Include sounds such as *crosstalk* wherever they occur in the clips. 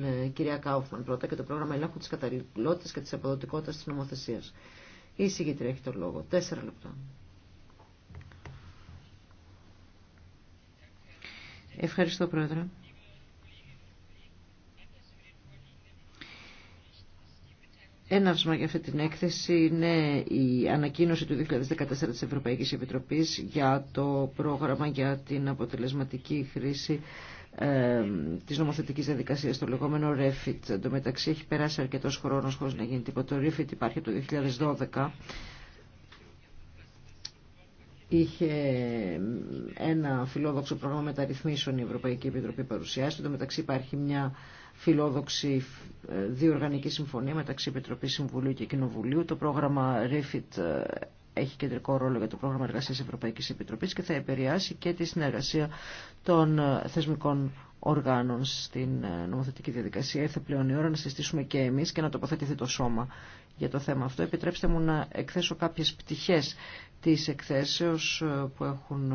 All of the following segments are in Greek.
την ε, κυρία Κάουφμαν πρώτα και το πρόγραμμα ελέγχου της καταλληλότητας και της αποδοτικότητας της νομοθεσίας. Η εισηγήτρια έχει το λόγο. Τέσσερα λεπτά. Ευχαριστώ, Πρόεδρε. Έναυσμα για αυτή την έκθεση είναι η ανακοίνωση του 2014 της Ευρωπαϊκής Επιτροπής για το πρόγραμμα για την αποτελεσματική χρήση ε, τη νομοθετική διαδικασία, το λεγόμενο REFIT. Εν μεταξύ έχει περάσει αρκετό χρόνο χωρί να γίνει τίποτα. Το REFIT υπάρχει το 2012. Είχε ένα φιλόδοξο πρόγραμμα μεταρρυθμίσεων η Ευρωπαϊκή Επιτροπή παρουσιάσει. Το μεταξύ υπάρχει μια φιλόδοξη ε, διοργανική συμφωνία μεταξύ Επιτροπής Συμβουλίου και Κοινοβουλίου. Το πρόγραμμα REFIT ε, έχει κεντρικό ρόλο για το πρόγραμμα εργασίας Ευρωπαϊκής Επιτροπής και θα επηρεάσει και τη συνεργασία των ε, θεσμικών οργάνων στην ε, νομοθετική διαδικασία. Ήρθε πλέον η ώρα να συστήσουμε και εμείς και να τοποθετηθεί το σώμα για το θέμα αυτό. Επιτρέψτε μου να εκθέσω κάποιες πτυχές της εκθέσεως ε, που, έχουν,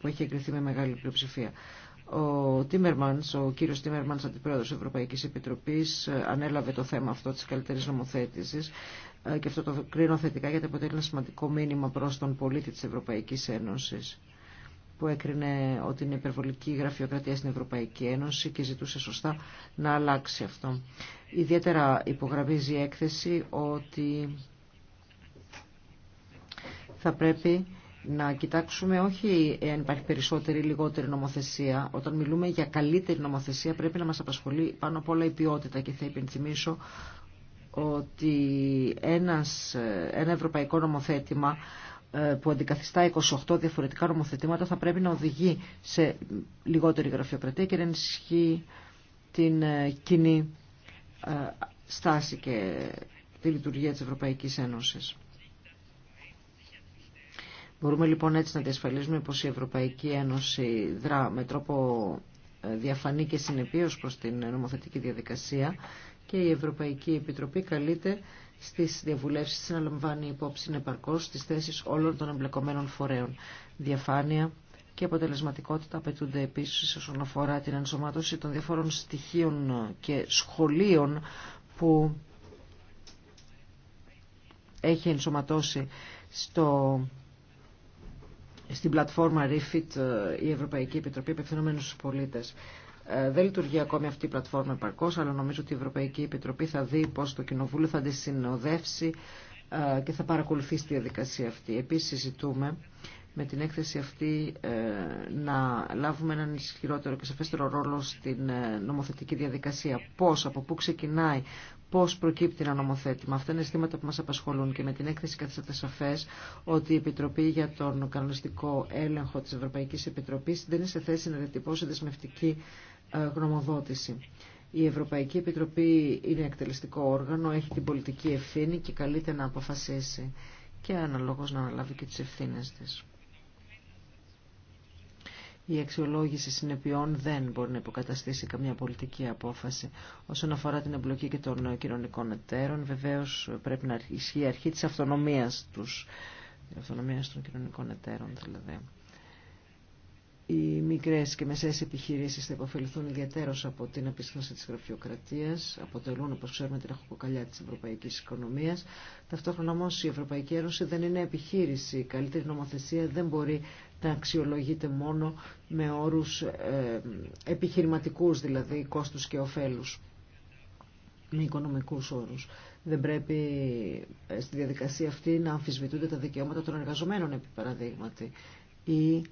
που έχει εγκριθεί με μεγάλη πλειοψηφία. Ο Τίμερμανς, ο κύριος Τίμερμανς, αντιπρόεδρος της Ευρωπαϊκής Επιτροπής, ανέλαβε το θέμα αυτό της καλύτερη νομοθέτηση. Ε, και αυτό το κρίνω θετικά γιατί αποτελεί ένα σημαντικό μήνυμα προς τον πολίτη της Ευρωπαϊκής Ένωσης που έκρινε ότι είναι υπερβολική η γραφειοκρατία στην Ευρωπαϊκή Ένωση και ζητούσε σωστά να αλλάξει αυτό. Ιδιαίτερα υπογραμμίζει η έκθεση ότι θα πρέπει να κοιτάξουμε όχι αν υπάρχει περισσότερη ή λιγότερη νομοθεσία. Όταν μιλούμε για καλύτερη νομοθεσία πρέπει να μας απασχολεί πάνω απ' όλα η ποιότητα και θα υπενθυμίσω ότι ένας, ένα ευρωπαϊκό νομοθέτημα ε, που αντικαθιστά 28 διαφορετικά νομοθετήματα θα πρέπει να οδηγεί σε λιγότερη γραφειοκρατία και να ενισχύει την ε, κοινή ε, στάση και τη λειτουργία της Ευρωπαϊκής Ένωσης. Μπορούμε λοιπόν έτσι να διασφαλίζουμε πως η Ευρωπαϊκή Ένωση δρά με τρόπο διαφανή και συνεπή προς την νομοθετική διαδικασία και η Ευρωπαϊκή Επιτροπή καλείται στις διαβουλεύσεις να λαμβάνει υπόψη επαρκώς τις θέσεις όλων των εμπλεκομένων φορέων. Διαφάνεια και αποτελεσματικότητα απαιτούνται επίσης όσον αφορά την ενσωμάτωση των διαφόρων στοιχείων και σχολείων που έχει ενσωματώσει στο στην πλατφόρμα Refit ε, η Ευρωπαϊκή Επιτροπή Επευθυνόμενους Πολίτες. Ε, δεν λειτουργεί ακόμη αυτή η πλατφόρμα επαρκώ, αλλά νομίζω ότι η Ευρωπαϊκή Επιτροπή θα δει πω το Κοινοβούλιο θα τη συνοδεύσει ε, και θα παρακολουθήσει τη διαδικασία αυτή. Επίση, συζητούμε με την έκθεση αυτή ε, να λάβουμε έναν ισχυρότερο και σαφέστερο ρόλο στην ε, νομοθετική διαδικασία. Πώς, από πού ξεκινάει, πώς προκύπτει ένα νομοθέτημα. Αυτά είναι αισθήματα που μας απασχολούν και με την έκθεση καθίσατε σαφές ότι η Επιτροπή για τον κανονιστικό έλεγχο της Ευρωπαϊκής Επιτροπής δεν είναι σε θέση να διατυπώσει δεσμευτική ε, γνωμοδότηση. Η Ευρωπαϊκή Επιτροπή είναι εκτελεστικό όργανο, έχει την πολιτική ευθύνη και καλείται να αποφασίσει και αναλόγως να αναλάβει και τις ευθύνες της η αξιολόγηση συνεπειών δεν μπορεί να υποκαταστήσει καμία πολιτική απόφαση. Όσον αφορά την εμπλοκή και των κοινωνικών εταίρων, Βεβαίω πρέπει να ισχύει η αρχή τη, αυτονομίας τους, η αυτονομία των κοινωνικών εταίρων δηλαδή. Οι μικρέ και μεσαίε επιχειρήσει θα υποφεληθούν ιδιαίτερω από την επίσταση τη γραφειοκρατίας, αποτελούν, όπω ξέρουμε, την αρχοκοκαλιά τη Ευρωπαϊκή οικονομίας. Ταυτόχρονα όμω, η Ευρωπαϊκή Ένωση δεν είναι επιχείρηση. Η καλύτερη νομοθεσία δεν μπορεί να αξιολογείται μόνο με όρους ε, επιχειρηματικούς, δηλαδή κόστους και ωφέλους, με οικονομικούς όρους. Δεν πρέπει ε, στη διαδικασία αυτή να αμφισβητούνται τα δικαιώματα των εργαζομένων, επί παραδείγματι, ή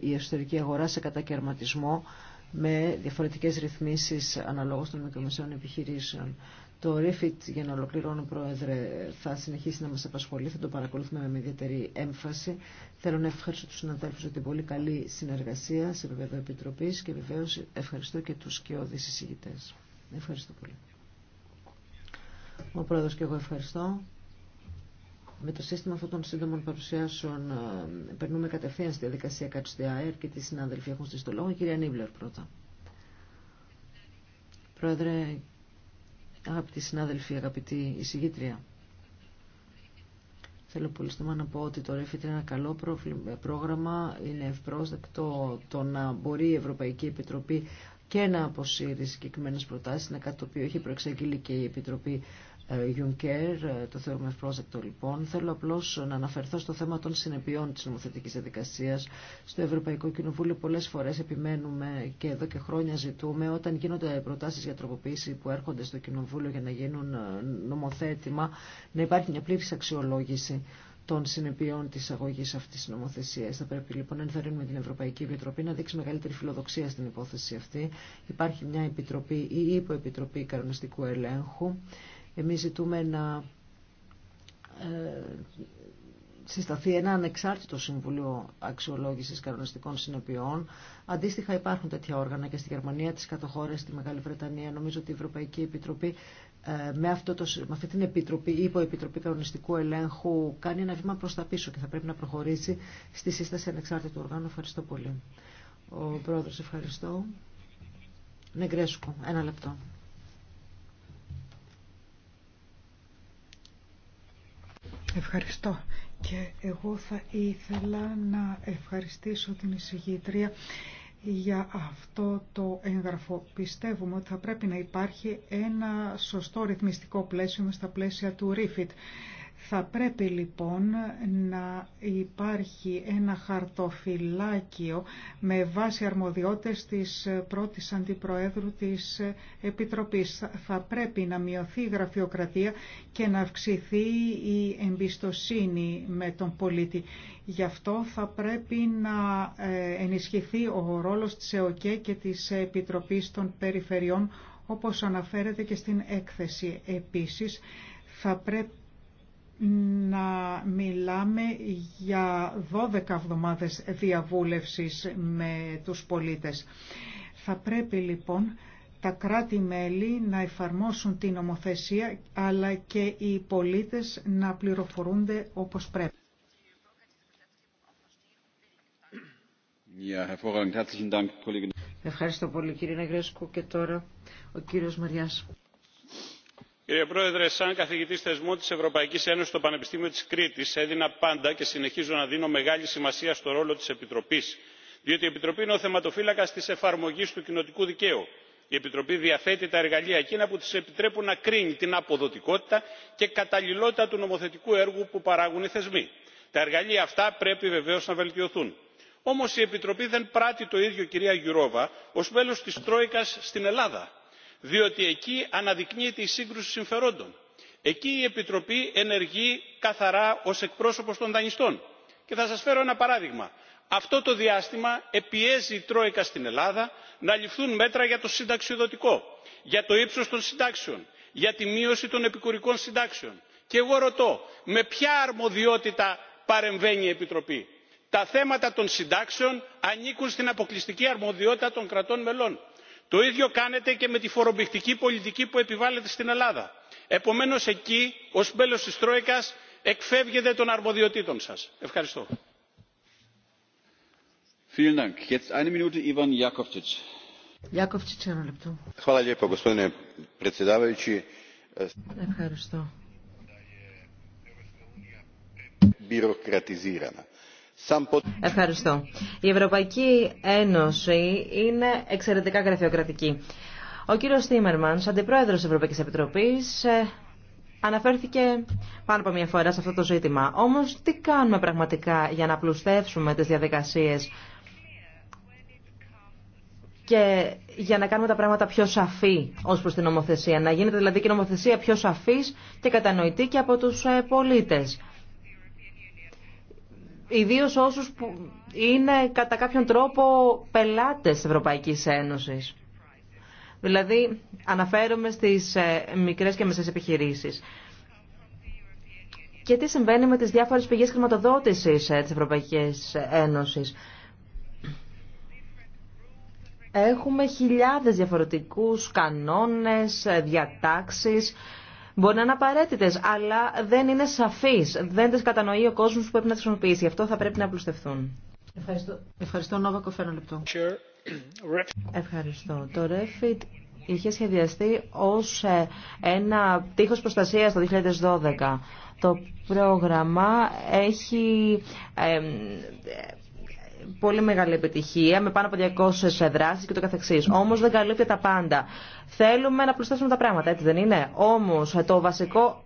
η εσωτερική αγορά σε κατακαιρματισμό με διαφορετικές ρυθμίσεις αναλόγως των μικρομεσαίων επιχειρήσεων. Το ρίφιτ για να ολοκληρώνω Πρόεδρε, θα συνεχίσει να μας απασχολεί, θα το παρακολουθούμε με ιδιαίτερη έμφαση. Θέλω να ευχαριστώ τους συναδέλφους για την πολύ καλή συνεργασία σε επίπεδο Επιτροπής και βεβαίως ευχαριστώ και τους σκιώδεις εισηγητές. Ευχαριστώ πολύ. Ο Πρόεδρος και εγώ ευχαριστώ με το σύστημα αυτών των σύντομων παρουσιάσεων ε, περνούμε κατευθείαν στη διαδικασία ΚΑΤΣΤΙΑΕΡ και τη συνάδελφοι έχουν στήσει το λόγο. Κυρία Νίβλερ πρώτα. Πρόεδρε, αγαπητοί συνάδελφοι, αγαπητή εισηγήτρια. Θέλω πολύ στήμα να πω ότι το ΡΕΦΙΤ είναι ένα καλό πρόγραμμα, είναι ευπρόσδεκτο το να μπορεί η Ευρωπαϊκή Επιτροπή και να αποσύρει συγκεκριμένε προτάσει. Είναι κάτι το οποίο έχει προεξαγγείλει και η Επιτροπή Γιουνκέρ, ε, ε, το θεωρούμε ευπρόσδεκτο λοιπόν. Θέλω απλώ να αναφερθώ στο θέμα των συνεπειών τη νομοθετική διαδικασία. Στο Ευρωπαϊκό Κοινοβούλιο πολλέ φορέ επιμένουμε και εδώ και χρόνια ζητούμε όταν γίνονται προτάσει για τροποποίηση που έρχονται στο Κοινοβούλιο για να γίνουν ε, νομοθέτημα να υπάρχει μια πλήρη αξιολόγηση των συνεπειών τη αγωγή αυτή τη νομοθεσία. Θα πρέπει λοιπόν να ενθαρρύνουμε την Ευρωπαϊκή Επιτροπή να δείξει μεγαλύτερη φιλοδοξία στην υπόθεση αυτή. Υπάρχει μια επιτροπή ή υποεπιτροπή κανονιστικού ελέγχου εμείς ζητούμε να ε, συσταθεί ένα ανεξάρτητο Συμβουλίο Αξιολόγησης Κανονιστικών Συνοπιών. Αντίστοιχα υπάρχουν τέτοια όργανα και στη Γερμανία, τι κατοχώρες, στη Μεγάλη Βρετανία. Νομίζω ότι η Ευρωπαϊκή Επιτροπή ε, με, αυτό το, με αυτή την επιτροπή, υποεπιτροπή κανονιστικού ελέγχου κάνει ένα βήμα προς τα πίσω και θα πρέπει να προχωρήσει στη σύσταση ανεξάρτητου οργάνου. Ευχαριστώ πολύ. Ο πρόεδρο, ευχαριστώ. Νεγκρέσκου, ένα λεπτό. ευχαριστώ. Και εγώ θα ήθελα να ευχαριστήσω την εισηγήτρια για αυτό το έγγραφο. Πιστεύουμε ότι θα πρέπει να υπάρχει ένα σωστό ρυθμιστικό πλαίσιο με στα πλαίσια του REFIT. Θα πρέπει λοιπόν να υπάρχει ένα χαρτοφυλάκιο με βάση αρμοδιότητες της πρώτης αντιπροέδρου της Επιτροπής. Θα πρέπει να μειωθεί η γραφειοκρατία και να αυξηθεί η εμπιστοσύνη με τον πολίτη. Γι' αυτό θα πρέπει να ε, ενισχυθεί ο ρόλος της ΕΟΚΕ και της Επιτροπής των Περιφερειών όπως αναφέρεται και στην έκθεση. Επίσης, θα πρέπει να μιλάμε για 12 εβδομάδες διαβούλευσης με τους πολίτες. Θα πρέπει λοιπόν τα κράτη-μέλη να εφαρμόσουν την νομοθεσία αλλά και οι πολίτες να πληροφορούνται όπως πρέπει. Ευχαριστώ πολύ κύριε Νεγρέσκου και τώρα ο κύριος Μαριάς κύριε πρόεδρε σαν καθηγητή θεσμών τη Ευρωπαϊκή Ένωση, στο πανεπιστήμιο τη Κρήτη, έδινα πάντα και συνεχίζω να δίνω μεγάλη σημασία στο ρόλο τη επιτροπής διότι η επιτροπή είναι ο θεματοφύλακα τη εφαρμογή του κοινοτικού δικαίου. η επιτροπή διαθέτει τα εργαλεία εκείνα που τη επιτρέπουν να κρίνει την αποδοτικότητα και καταλληλότητα του νομοθετικού έργου που παράγουν οι θεσμοί. τα εργαλεία αυτά πρέπει βεβαίω να βελτιωθούν. Όμω η επιτροπή δεν πράττει το ίδιο κυρία γιουρόβα ω μέλο τη τρόικα στην ελλάδα διότι εκεί αναδεικνύεται η σύγκρουση συμφερόντων. εκεί η επιτροπή ενεργεί καθαρά ως εκπρόσωπος των δανειστών. και θα σας φέρω ένα παράδειγμα αυτό το διάστημα πιέζει η τρόικα στην ελλάδα να ληφθούν μέτρα για το συνταξιοδοτικό για το ύψος των συντάξεων για τη μείωση των επικουρικών συντάξεων και εγώ ρωτώ με ποια αρμοδιότητα παρεμβαίνει η επιτροπή. τα θέματα των συντάξεων ανήκουν στην αποκλειστική αρμοδιότητα των κρατών μελών το ίδιο κάνετε και με τη φορομπηχτική πολιτική που επιβάλλεται στην ελλάδα. επομένως εκεί ως μέλος της τρόικας εκφεύγετε των αρμοδιοτήτων σας. ευχαριστώ. Ευχαριστώ. Ευχαριστώ. Η Ευρωπαϊκή Ένωση είναι εξαιρετικά γραφειοκρατική. Ο κύριος Τίμερμανς, αντιπρόεδρος της Ευρωπαϊκής Επιτροπής, ε, αναφέρθηκε πάνω από μια φορά σε αυτό το ζήτημα. Όμως τι κάνουμε πραγματικά για να πλουστεύσουμε τις διαδικασίες και για να κάνουμε τα πράγματα πιο σαφή ως προς την νομοθεσία. Να γίνεται δηλαδή και η νομοθεσία πιο σαφής και κατανοητή και από τους ε, πολίτες ιδίως όσους που είναι κατά κάποιον τρόπο πελάτες της Ευρωπαϊκής Ένωσης. Δηλαδή, αναφέρομαι στις ε, μικρές και μεσές επιχειρήσεις. Και τι συμβαίνει με τις διάφορες πηγές χρηματοδότησης ε, της Ευρωπαϊκής Ένωσης. Έχουμε χιλιάδες διαφορετικούς κανόνες, ε, διατάξεις μπορεί να είναι απαραίτητε, αλλά δεν είναι σαφεί. Δεν τι κατανοεί ο κόσμο που πρέπει να τι χρησιμοποιήσει. Γι' αυτό θα πρέπει να απλουστευτούν. Ευχαριστώ. Ευχαριστώ, Νόβα Κοφένα λεπτό. *clears throat* Ευχαριστώ. Το Refit είχε σχεδιαστεί ω ε, ένα τείχο προστασία το 2012. Το πρόγραμμα έχει ε, πολύ μεγάλη επιτυχία με πάνω από 200 δράσει και το καθεξής. Όμω δεν καλύπτει τα πάντα. Θέλουμε να προσθέσουμε τα πράγματα, έτσι δεν είναι. Όμω, το βασικό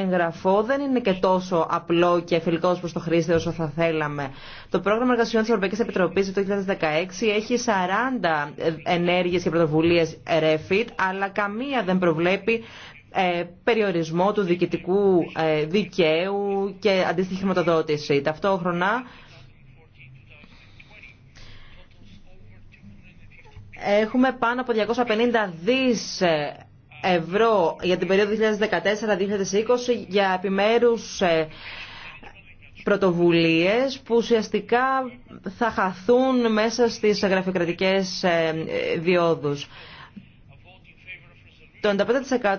έγγραφο δεν είναι και τόσο απλό και φιλικό προ το χρήστη όσο θα θέλαμε. Το πρόγραμμα εργασιών τη Ευρωπαϊκή Επιτροπή το 2016 έχει 40 ενέργειε και πρωτοβουλίε REFIT, αλλά καμία δεν προβλέπει ε, περιορισμό του διοικητικού ε, δικαίου και αντίστοιχη χρηματοδότηση. Ταυτόχρονα Έχουμε πάνω από 250 δις ευρώ για την περίοδο 2014-2020 για επιμέρους ε, πρωτοβουλίες που ουσιαστικά θα χαθούν μέσα στις γραφειοκρατικές ε, διόδους. Το 95%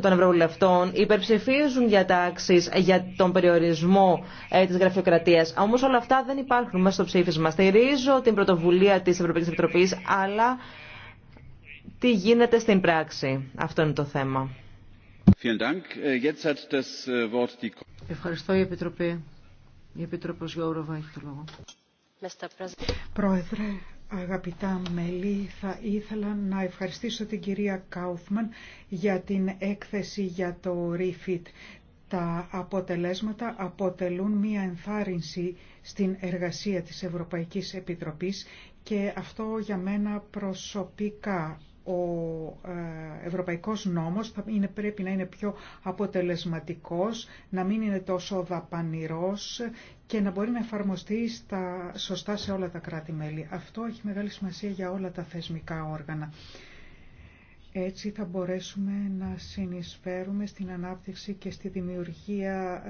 των ευρωβουλευτών υπερψηφίζουν διατάξει για τον περιορισμό ε, τη γραφειοκρατίας. Όμω όλα αυτά δεν υπάρχουν μέσα στο ψήφισμα. Στηρίζω την πρωτοβουλία τη Ευρωπαϊκή Επιτροπή, αλλά τι γίνεται στην πράξη. Αυτό είναι το θέμα. Äh, äh, Ευχαριστώ η Επιτροπή. Η Επιτροπή Γιώργο έχει το λόγο. Πρόεδρε, Αγαπητά μέλη, θα ήθελα να ευχαριστήσω την κυρία Κάουφμαν για την έκθεση για το ReFit. Τα αποτελέσματα αποτελούν μία ενθάρρυνση στην εργασία της Ευρωπαϊκής Επιτροπής και αυτό για μένα προσωπικά ο ε, ευρωπαϊκός νόμος θα είναι, πρέπει να είναι πιο αποτελεσματικός, να μην είναι τόσο δαπανηρός και να μπορεί να εφαρμοστεί στα, σωστά σε όλα τα κράτη-μέλη. Αυτό έχει μεγάλη σημασία για όλα τα θεσμικά όργανα. Έτσι θα μπορέσουμε να συνεισφέρουμε στην ανάπτυξη και στη δημιουργία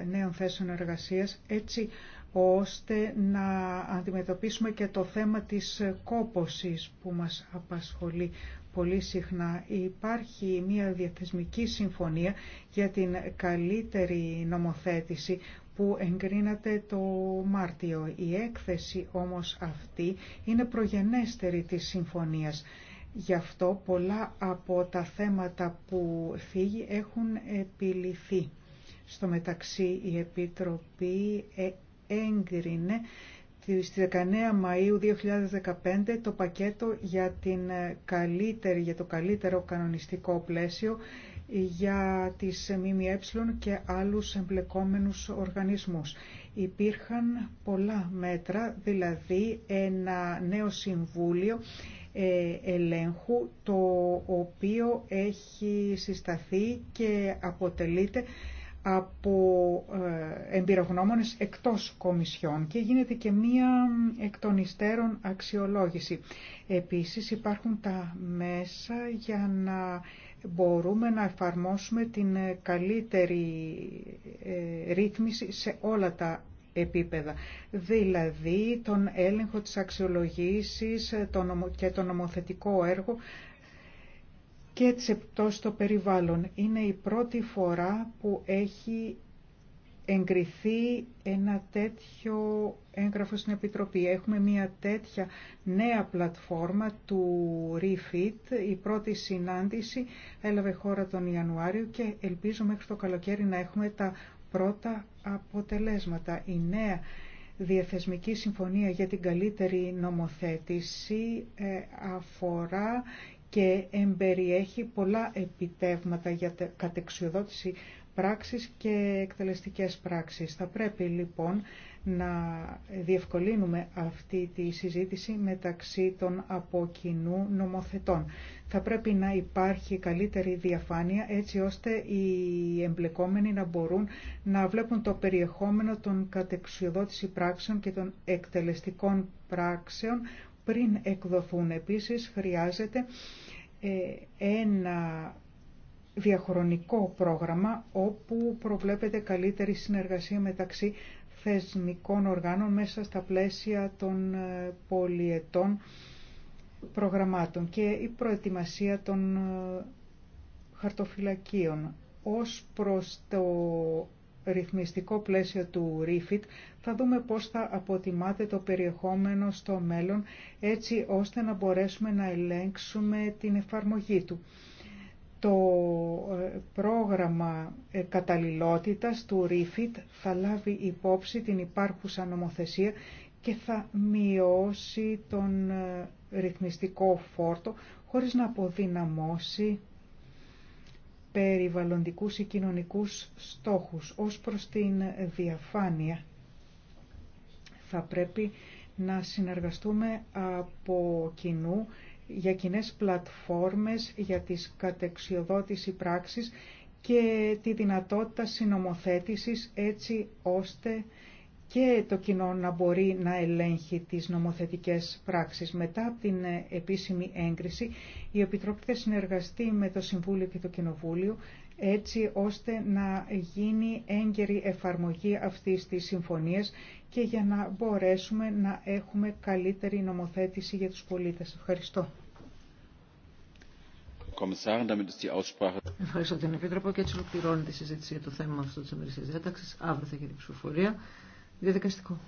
ε, νέων θέσεων εργασίας, έτσι ώστε να αντιμετωπίσουμε και το θέμα της κόπωσης που μας απασχολεί πολύ συχνά. Υπάρχει μια διαθεσμική συμφωνία για την καλύτερη νομοθέτηση που εγκρίνεται το Μάρτιο. Η έκθεση όμως αυτή είναι προγενέστερη της συμφωνίας. Γι' αυτό πολλά από τα θέματα που φύγει έχουν επιληθεί. Στο μεταξύ η Επιτροπή ε, έγκρινε στις 19 Μαΐου 2015 το πακέτο για, την ε, καλύτερη, για το καλύτερο κανονιστικό πλαίσιο για τις ΜΜΕ και άλλους εμπλεκόμενους οργανισμούς. Υπήρχαν πολλά μέτρα, δηλαδή ένα νέο συμβούλιο ε, ελέγχου το οποίο έχει συσταθεί και αποτελείται από ε, εμπειρογνώμονες εκτός κομισιών και γίνεται και μία εκ των υστέρων αξιολόγηση. Επίσης υπάρχουν τα μέσα για να μπορούμε να εφαρμόσουμε την ε, καλύτερη ε, ρύθμιση σε όλα τα επίπεδα. Δηλαδή τον έλεγχο της αξιολογήσης και το νομοθετικό έργο και τσεπτό στο περιβάλλον. Είναι η πρώτη φορά που έχει εγκριθεί ένα τέτοιο έγγραφο στην Επιτροπή. Έχουμε μια τέτοια νέα πλατφόρμα του ReFit. Η πρώτη συνάντηση έλαβε χώρα τον Ιανουάριο και ελπίζω μέχρι το καλοκαίρι να έχουμε τα πρώτα αποτελέσματα. Η νέα Διαθεσμική Συμφωνία για την Καλύτερη Νομοθέτηση ε, αφορά και εμπεριέχει πολλά επιτεύγματα για κατεξιοδότηση πράξης και εκτελεστικές πράξεις. Θα πρέπει λοιπόν να διευκολύνουμε αυτή τη συζήτηση μεταξύ των από κοινού νομοθετών. Θα πρέπει να υπάρχει καλύτερη διαφάνεια έτσι ώστε οι εμπλεκόμενοι να μπορούν να βλέπουν το περιεχόμενο των κατεξιοδότηση πράξεων και των εκτελεστικών πράξεων πριν εκδοθούν. Επίσης χρειάζεται ε, ένα διαχρονικό πρόγραμμα όπου προβλέπεται καλύτερη συνεργασία μεταξύ θεσμικών οργάνων μέσα στα πλαίσια των ε, πολιετών προγραμμάτων και η προετοιμασία των ε, χαρτοφυλακίων ως προς το ρυθμιστικό πλαίσιο του REFIT θα δούμε πώς θα αποτιμάται το περιεχόμενο στο μέλλον έτσι ώστε να μπορέσουμε να ελέγξουμε την εφαρμογή του. Το ε, πρόγραμμα ε, καταλληλότητας του REFIT θα λάβει υπόψη την υπάρχουσα νομοθεσία και θα μειώσει τον ε, ρυθμιστικό φόρτο χωρίς να αποδυναμώσει περιβαλλοντικούς ή κοινωνικούς στόχους ως προς την διαφάνεια. Θα πρέπει να συνεργαστούμε από κοινού για κοινέ πλατφόρμες, για τις κατεξιοδότηση πράξης και τη δυνατότητα συνομοθέτησης έτσι ώστε και το κοινό να μπορεί να ελέγχει τις νομοθετικές πράξεις. Μετά την επίσημη έγκριση, η Επιτροπή θα συνεργαστεί με το Συμβούλιο και το Κοινοβούλιο έτσι ώστε να γίνει έγκαιρη εφαρμογή αυτής της συμφωνίας και για να μπορέσουμε να έχουμε καλύτερη νομοθέτηση για τους πολίτες. Ευχαριστώ. Ευχαριστώ την Επίτροπο και έτσι ολοκληρώνεται η συζήτηση για το θέμα αυτό τη διάταξη. Αύριο θα γίνει η ψηφοφορία. Διαδικαστικό.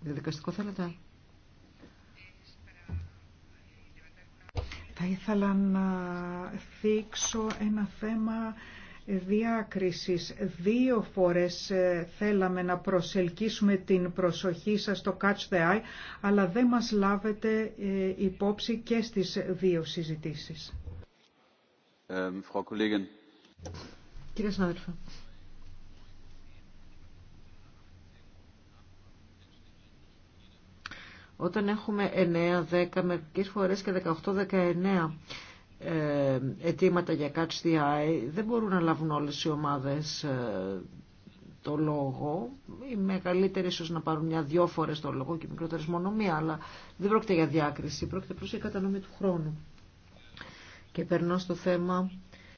Διαδικαστικό θέλετε. Θα ήθελα να θίξω ένα θέμα διάκρισης. Δύο φορές ε, θέλαμε να προσελκύσουμε την προσοχή σας στο Catch the Eye, αλλά δεν μας λάβετε ε, υπόψη και στις δύο συζητήσεις. Ε, Όταν έχουμε 9, 10, μερικέ φορέ και 18, 19 ε, αιτήματα για catch the eye, δεν μπορούν να λάβουν όλες οι ομάδες ε, το λόγο. Οι μεγαλύτεροι ίσως να πάρουν μια-δυο φορές το λόγο και οι μικρότερες μόνο μία, αλλά δεν πρόκειται για διάκριση, πρόκειται προς η κατανομή του χρόνου. Και περνώ στο θέμα